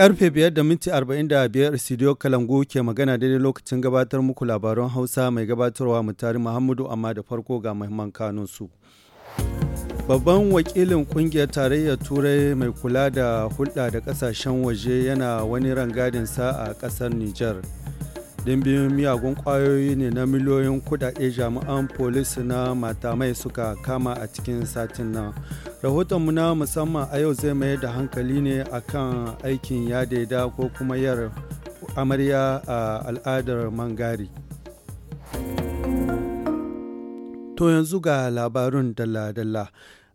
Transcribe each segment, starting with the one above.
Karfe biyar da minti biyar Studio Kalangu ke magana daidai lokacin gabatar muku labaran Hausa mai gabatarwa mu mutari Muhammadu amma da farko ga mahimman kanunsu. Babban wakilin kungiyar tarayyar Turai mai kula da hulɗa da ƙasashen waje yana wani sa a ƙasar Nijar. ɗimbin miyagun ƙwayoyi ne na miliyoyin kudade jami'an polis na matamai suka kama a cikin satin nan rahotonmu na musamman a yau zai mayar da hankali ne akan aikin ya daida ko kuma yar amarya a al'adar mangari to yanzu ga labarun dalla-dalla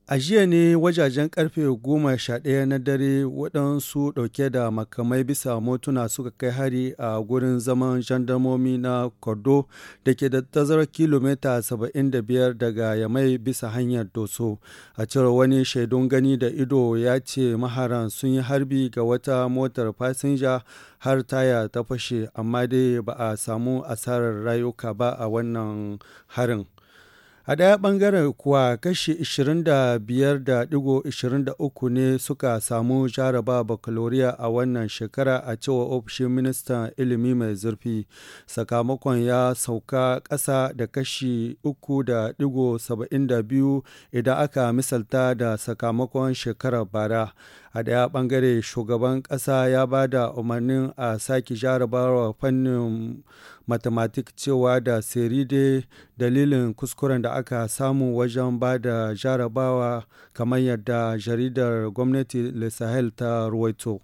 A jiya ne wajajen karfe goma na dare waɗansu ɗauke da makamai bisa motuna suka kai hari a gurin zaman jandamomi na Kordo da ke da tazarar kilomita 75 daga Yamai bisa hanyar Doso. A cire wani shaidun gani da ido ya ce maharan sun yi harbi ga wata motar fasinja har taya ta fashe amma dai ba a samu asarar rayuka ba a wannan harin. A ɗaya ɓangaren kuwa kashi 25.23 ne suka samu jaraba baccalaureate a wannan shekara a cewa ofishin ministan ilimi mai zurfi. Sakamakon ya sauka ƙasa da kashi 3.72 idan aka misalta da sakamakon shekarar bara. a ɗaya bangare shugaban ƙasa ya ba da umarnin a sake jarabawa fannin mathematics cewa da seride dalilin kuskuren da aka samu wajen ba da jarabawa kamar yadda jaridar gwamnati le sahel ta ruwaito.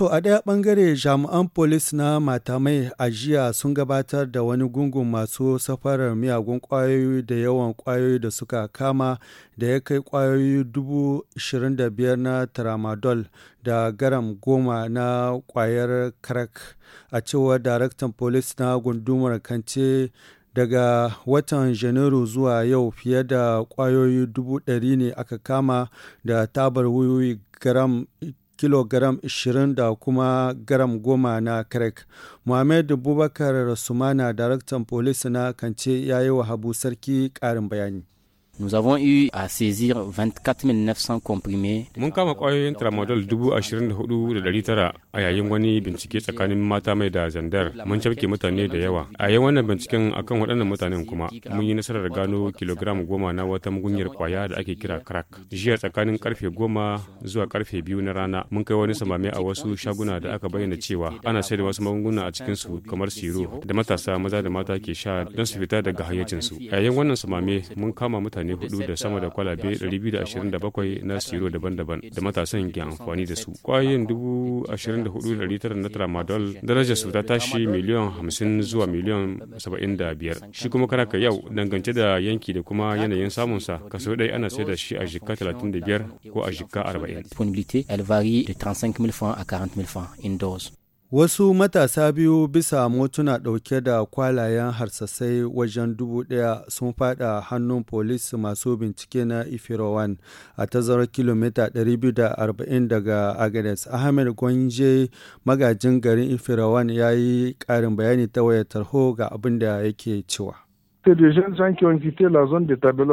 To a ɗaya ɓangare jami'an polis na matamai a jiya sun gabatar da wani gungun masu safarar miyagun ƙwayoyi da yawan ƙwayoyi da suka kama da ya kai ƙwayoyi dubu biyar na tramadol da garam goma na ƙwayar crack a cewar daraktan polis na gundumar kance daga watan janairu zuwa yau fiye da kwayoyi dubu ɗari ne aka kama da tabar wuyoyi garam kilogram 20 da kuma garam goma na crack. Muhammadu Bubakar Sumana, daraktan polis na Kance, ya yi wa Habu Sarki ƙarin bayani. Nous avons eu à saisir 24 900 comprimés. Mun kama ƙwayoyin tramadol 24,900 a yayin wani bincike tsakanin mata mai da zandar. Mun cafke mutane da yawa. A yayin wannan binciken akan waɗannan mutanen kuma mun yi nasarar gano kilogram goma na wata mugunyar kwaya da ake kira crack. Jiya tsakanin karfe goma zuwa karfe biyu na rana mun kai wani samame a wasu shaguna da aka bayyana cewa ana sayar da wasu magunguna a cikin su kamar siro da matasa maza da mata ke sha don su fita daga hayyacinsu. A yayin wannan samame mun kama mutane mutane hudu da sama da kwalabe 227 na siro daban-daban da matasan ke amfani da su kwayoyin 24,900 na tramadol darajar su ta tashi miliyan 50 zuwa miliyan 75 shi kuma karaka yau dangance da yanki da kuma yanayin samunsa kaso ɗaya ana sai da shi a jika biyar ko a jika arba'in. disponibilité elle varie de francs à francs indoors Wasu matasa biyu bisa motuna ɗauke da kwalayen harsasai wajen dubu ɗaya sun fada hannun polis masu bincike na Ifirawan a tazarar kilomita 240 daga Agnes. Ahmed Gwanje magajin garin Ifirawan ya yi ƙarin bayani ta wayar tarho ga abin da yake cewa.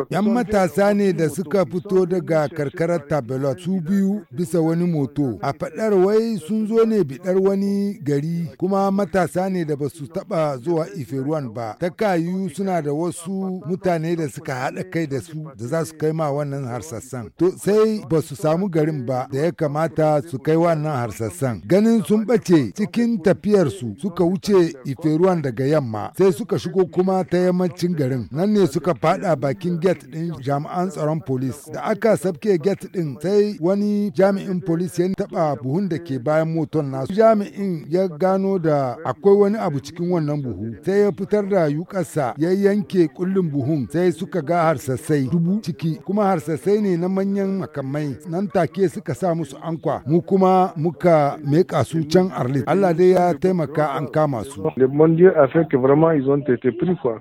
Yan matasa ne da suka fito daga karkarar Tabelot su biyu bisa wani moto. A faɗar wai sun zo ne biɗar wani gari kuma matasa ne da ba su taɓa zuwa Iferuwan ba. Ta kayu suna da wasu mutane da suka haɗa kai da su da za su kai ma wannan harsassan. To sai ba su samu garin ba da ya kamata su kai wannan harsassan. Ganin sun ɓace cikin tafiyarsu suka wuce Iferuwan daga yamma sai suka shigo kuma ta yammaci kudancin garin nan ne suka fada bakin gate din jami'an tsaron polis da aka sabke gate din sai wani jami'in polis ya taba buhun da ke bayan moton nasu jami'in ya gano da akwai wani abu cikin wannan buhu sai ya fitar da yukarsa ya yanke kullun buhun sai suka ga harsasai dubu ciki kuma harsasai ne na manyan makamai nan take suka sa musu ankwa mu kuma muka meka su can arlit Allah dai ya taimaka an kama su. Le monde a fait que vraiment ils ont été pris quoi.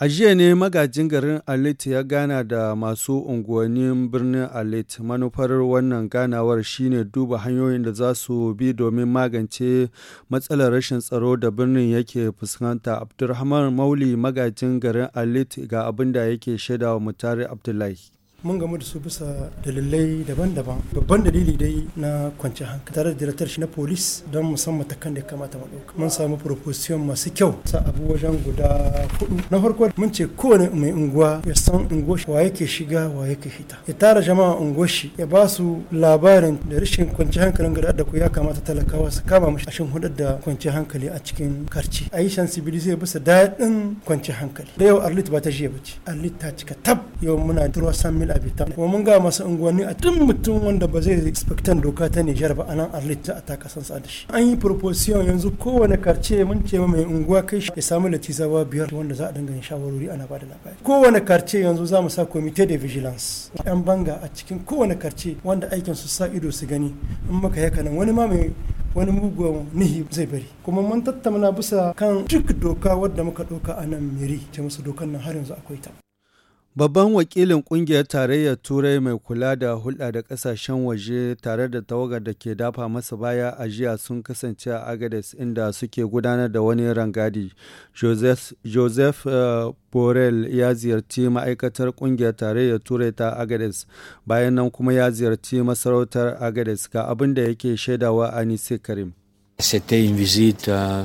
A jiya ne magajin garin Alit ya gana da masu unguwannin birnin Alit. Manufar wannan ganawar shine duba hanyoyin da za su bi domin magance matsalar rashin tsaro da birnin yake fuskanta. Abdulrahman Mauli magajin garin Alit ga abinda yake shaida wa Mutare Abdullahi. mun gamu da su bisa dalilai daban-daban babban dalili dai na kwanci hankali tare da diratar shi na polis don musamman kan da kamata mu mun samu proposition masu kyau sa abu wajen guda hudu na farko mun ce kowane mai unguwa ya san ungoshi wa yake shiga wa yake hita ya tara jama'a ungoshi ya ba su labarin da rashin kwanci hankalin gada da ku ya kamata talakawa su kama mashi ashin hudar da kwanci hankali a cikin karci a yi sensibilize bisa daɗin kwanci hankali da yau arlit ba ta jiya ba ce arlit ta cika tab yau muna turwa san Ismail Abita kuma mun ga masu unguwanni a tun mutum wanda ba zai respectan doka ta Nijar ba anan Arlit a ta kasan sa da shi an yi proposition yanzu kowane karce mun ce mai unguwa kai shi ya samu latisa ba biyar wanda za a dinga yin shawarori ana bada labari kowane karce yanzu za mu sa comité de vigilance yan banga a cikin kowane karce wanda aikin su sa ido su gani in maka yaka nan wani ma mai wani mugun nihi zai bari kuma mun tattauna bisa kan duk doka wadda muka doka a nan miri ce musu dokan nan har yanzu akwai ta Babban wakilin kungiyar tarayyar Turai mai kula da hulɗa da ƙasashen waje tare da tawagar da ke dafa masa baya a jiya sun kasance a Agades inda suke gudanar da wani rangadi. Joseph, Joseph uh, ya ziyarci ma'aikatar kungiyar tarayyar Turai ta Agades bayan nan kuma ya ziyarci masarautar Agades ga abin da yake shaidawa a Karim. C'était une visite euh,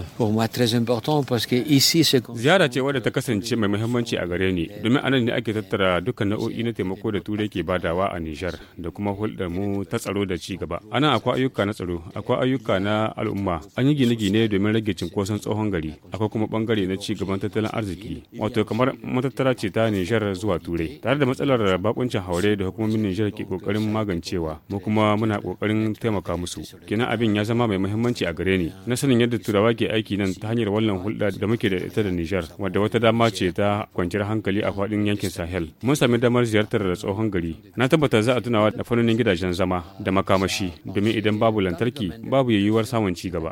Ziyara ce wadda ta kasance mai muhimmanci a gare ni domin anan ne ake tattara dukkan nau'o'i na taimako da Turai ke badawa a Nijar da kuma hulɗar mu ta tsaro da ci gaba. ana akwai ayyuka na tsaro, akwai ayyuka na al'umma, an yi gine-gine domin rage cinkoson tsohon gari, akwai kuma bangare na ci gaban tattalin arziki, wato kamar matattara ce ta Nijar zuwa Turai. Tare da matsalar bakuncin haure da hukumomin Nijar ke kokarin magancewa, mu kuma muna kokarin taimaka musu. Kenan abin ya zama mai muhimmanci a gare gare ni na sanin yadda turawa ke aiki nan ta hanyar wannan hulɗa da muke da ita da Nijar wadda wata dama ce ta kwanciyar hankali a faɗin yankin Sahel mun sami damar ziyartar da tsohon gari na tabbata za a tunawa da fannonin gidajen zama da makamashi domin idan babu lantarki babu yiwuwar samun ci gaba.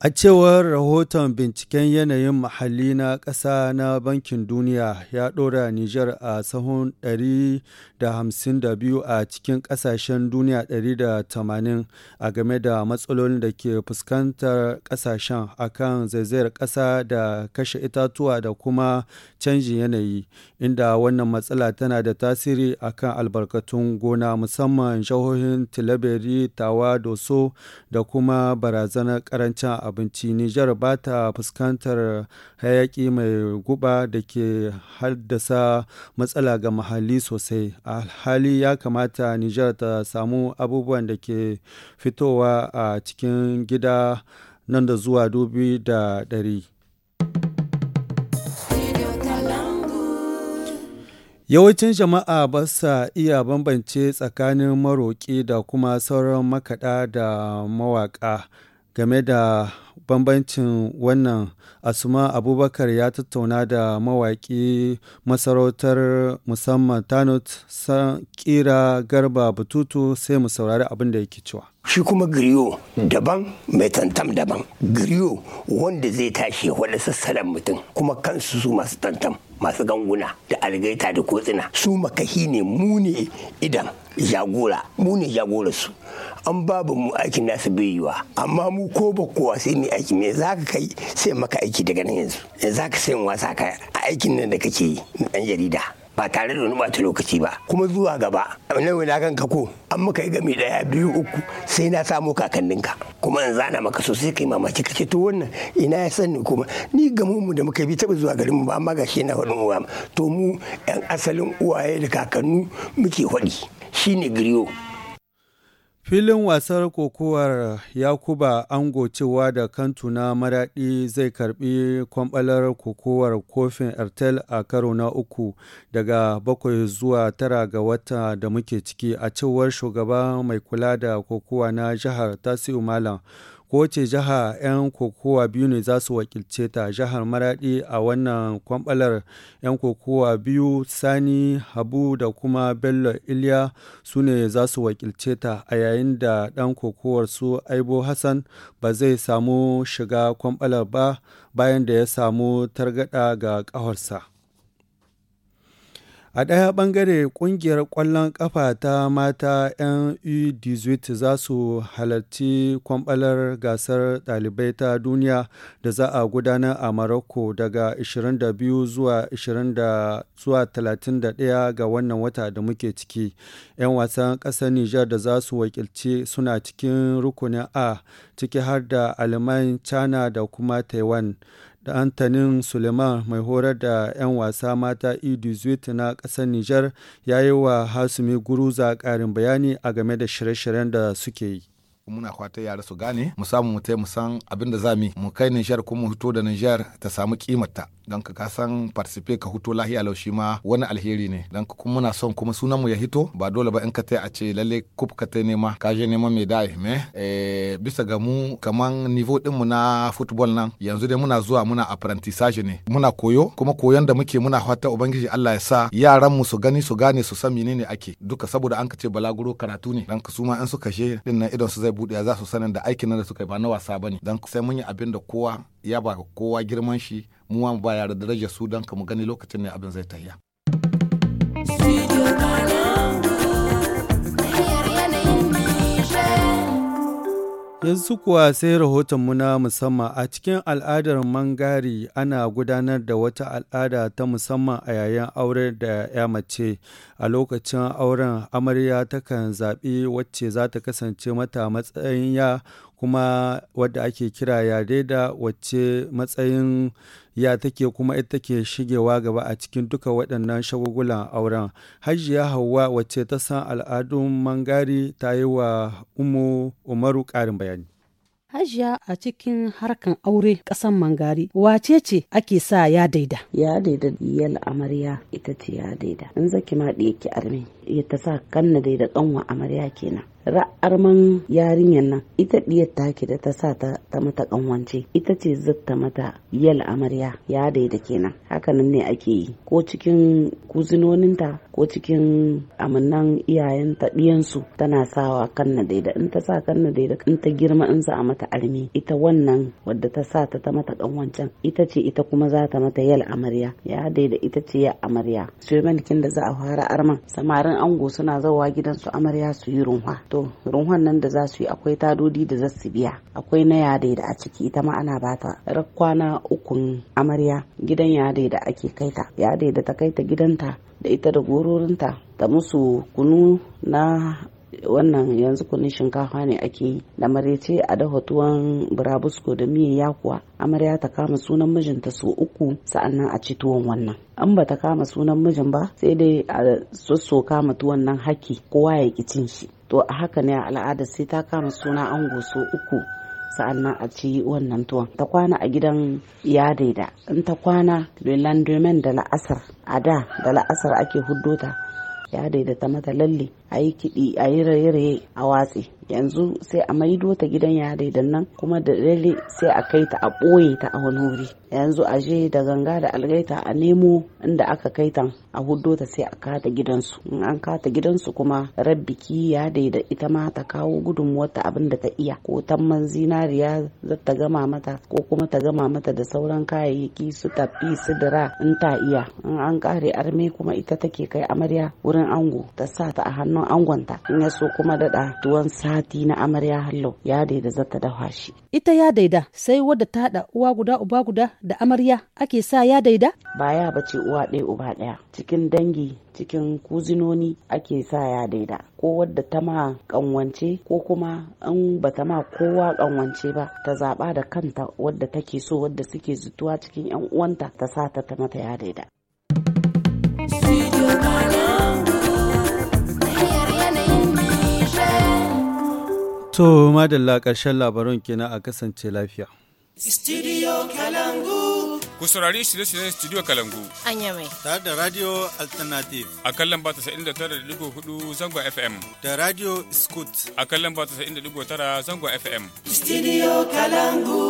A cewar rahoton binciken yanayin muhalli na ƙasa na Bankin Duniya ya ɗora Nijar a sahun 152 a cikin ƙasashen duniya 180 a game da matsalolin da ke fuskantar ƙasashen akan zaizayar ƙasa da kashe itatuwa da kuma canjin yanayi, inda wannan matsala tana da tasiri akan albarkatun gona musamman jihohin Tilaberi, Tawa, Doso da kuma barazanar ƙarancin abinci nijar ba ta fuskantar hayaki mai guba da ke haddasa matsala ga mahalli sosai a hali ya kamata nijar ta samu abubuwan da ke fitowa a cikin gida nan da zuwa dubi da ɗari. Yawancin jama'a ba sa iya bambance tsakanin maroƙi da kuma sauran makaɗa da mawaƙa. game da bambancin wannan asuma abubakar ya tattauna da mawaƙi masarautar musamman tanut san kira garba bututu sai mu saurari abin da yake cewa shi kuma griyo daban mai tantam daban griyo wanda zai tashi wani sassalan mutum kuma kansu su masu tantam masu ganguna da algaita da kotsina su makahi ne mu ne idan jagora mu ne jagora su an babu mu aikin nasu bai amma mu ko ba kowa sai ni aiki me za ka kai sai maka aiki daga nan yanzu za ka sai wasa ka aikin nan da kake yi ɗan jarida ba tare da wani bata lokaci ba kuma zuwa gaba nan na kan ko an muka yi gami daya biyu uku sai na samu ka. kuma in zana maka sosai kai mamaki kace to wannan ina ya sani kuma ni gamu mu da muka bi taba zuwa garin mu ba amma gashi na hudu uwa to mu yan asalin uwaye da kakannu muke Shi shine griyo Filin wasar kokowar Yakuba Ango cewa da kantu na maraɗi zai karbi kwambalar kokowar kofin Ertel a karo na uku daga bakwai zuwa tara ga wata da muke ciki a cewar shugaba mai kula da kokowa na jihar Tasiu Malam. kowace jiha 'yan kokowa biyu ne za su wakilce ta jihar maradi a wannan kwambalar 'yan kokowa biyu sani habu da kuma bello iliya su ne za su wakilce ta a yayin da ɗan kokowar su aibo hassan ba zai samu shiga kwambalar ba bayan da ya samu targada ga ƙawarsa A ɗaya ɓangare, ƙungiyar ƙwallon ƙafa ta mata 'yan U18 za su halarci kwamɓalar gasar ɗalibai ta duniya da za a gudanar a Morocco daga 22 zuwa 31 ga wannan wata da muke ciki. 'Yan wasan ƙasar Nijar da za su wakilci suna cikin rukunin A, ciki har da Alman, China da kuma Taiwan. da antanin suleiman mai horar da 'yan wasa mata idu na ƙasar nijar ya yi wa hasumi guruza karin bayani a game da shirye-shiryen da suke yi muna kwata yara su gane mu samu mu mu san abin da za mu kai Nijar kuma mu fito da Nijar ta samu kimarta don ka san participe ka huto lahiya lau shi ma wani alheri ne don kuma muna son kuma sunan mu ya hito ba dole ba in ka tai a ce lalle kup ka tai nema ka je nema mai dai me eh, bisa ga mu kaman niveau din mu na football nan yanzu dai muna zuwa muna apprentissage ne muna koyo kuma koyon da muke muna fata ubangiji Allah ya sa yaran mu su gani su gane su san menene ake duka saboda an ka ce balaguro karatu ne dan su ma in suka she din nan idan su zai bude za su sanin da aikin nan da suka yi ba na wasa bane dan sai mun yi abin da kowa ya ba kowa girman shi mu ba ba da daraja su don ka mu gani lokacin ne abin zai tahiya. Yanzu kuwa sai rahotonmu na musamman a cikin al'adar Mangari ana gudanar da wata al'ada ta musamman a yayin aure da ya mace. A lokacin auren amarya takan zaɓi wacce za ta kasance mata matsayin ya kuma wadda ake kira yare da wacce matsayin ya take kuma ita take shigewa gaba a cikin duka waɗannan shagulgulan auren hajiya hauwa wacce ta san al'adun mangari ta yi wa umu umaru ƙarin bayani Hajiya a cikin harkan aure ƙasan mangari wace ce ake sa ya daida? Ya daida amarya ita ce ya daida. In zaki ma ɗiyaki armeni. ta sa kanna dai da kanwa amarya kenan ra'arman yarinyar nan ita ta taki da ta sa ta mata kanwance ita ce zatta mata yal amarya ya daida kenan hakanan ne ake yi ko cikin kuzinoninta ko cikin amannan iyayenta ɗiyansu tana sawa kanna daida in ta sa kanna daida in ta girma in za a mata armi ita wannan wadda ta sa ta mata kanwancen ita ce ita kuma za ta mata yal amarya ya daida ita ce ya amarya shemankin da za a fara arman samarin ango suna zawa gidansu amarya su yi runwa to runwan nan da za su yi akwai tadodi da za su biya akwai na yadai da a ciki ita ma ana bata kwana ukun amarya gidan yadai da ake kaita yadai da ta kaita gidanta da ita da gororinta da musu kunu na wannan yanzu kunin shinkafa ne ake yi da marece a dafa tuwon burabusko da miya yakuwa amarya ta kama sunan mijinta su uku sa'annan a ci tuwon wannan an ba ta kama sunan mijin ba sai dai a sosso kama tuwon nan haki kowa ya ki cin shi to a haka ne a al'ada sai ta kama suna ango su uku sa'annan a ci wannan tuwon ta kwana a gidan ya daida in ta kwana landomen da la'asar a da da la'asar ake huddo ta ya daidaita mata lalle a yi kiɗi a yi raye-raye a watse yanzu sai a maido ta gidan yare da nan kuma da dare sai a kai ta a ɓoye ta a wani wuri yanzu a je da ganga da algaita a nemo inda aka kai ta a huddo ta sai a kata gidansu in an kata gidansu kuma rabbiki ya da ita ma ta kawo gudunmuwar ta abin da ta iya ko tamman zinariya za ta gama mata ko kuma ta gama mata da sauran kayayyaki su tafi su dira in ta iya in an kare arme kuma ita take kai amarya wurin ango ta sa ta a hannu hannun angonta in ya so kuma daɗa tuwon sati na amarya hallo ya daida zata dafa shi. Ita ya daida sai wadda ta haɗa uwa guda uba guda da amarya ake sa ya daida? Baya bace uwa ɗaya uba ɗaya cikin dangi cikin kuzinoni ake sa ya daida ko wadda ta ma kanwance ko kuma in ba ta ma kowa ƙanwance ba ta zaɓa da kanta wadda take so wadda suke zutuwa cikin yan uwanta ta sa ta mata ya daida. To madalla ƙarshen labaran kenan a kasance lafiya. Studio Kalangu. Ku saurari shirye-shiryen Studio Kalangu. Anya mai. Tare da Radio Alternative. A kan lamba hudu zangon FM. Da Radio Scoot. A kan lamba tara zangon FM. Studio Kalangu.